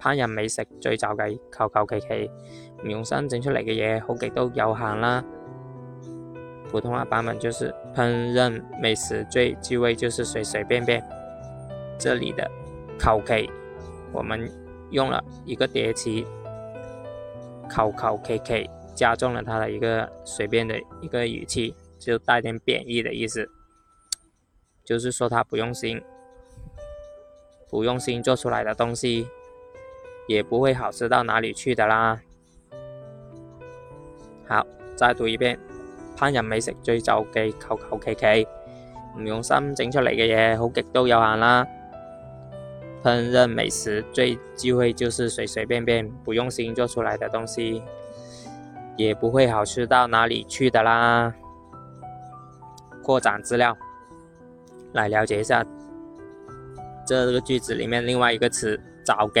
烹飪美食最罩忌，求求其其，唔用心整出嚟嘅嘢好極都有限啦。普通話版本就是烹飪美食最忌諱就是隨隨便便。這裏的求其，我們用了一個疊詞求求其其，加重了它的一個隨便的一個語氣，就帶點貶義的意思，就是說他不用心，不用心做出來的東西。也不會好吃到哪裡去的啦。好，再讀一遍：烹飪美食最罩忌，求求其其，唔用心整出嚟嘅嘢好極都有限啦。烹飪美食最忌諱就是隨隨便便，不用心做出來的東西，也不會好吃到哪裡去的啦。擴展資料，來了解一下這個句子裡面另外一個詞“罩忌”。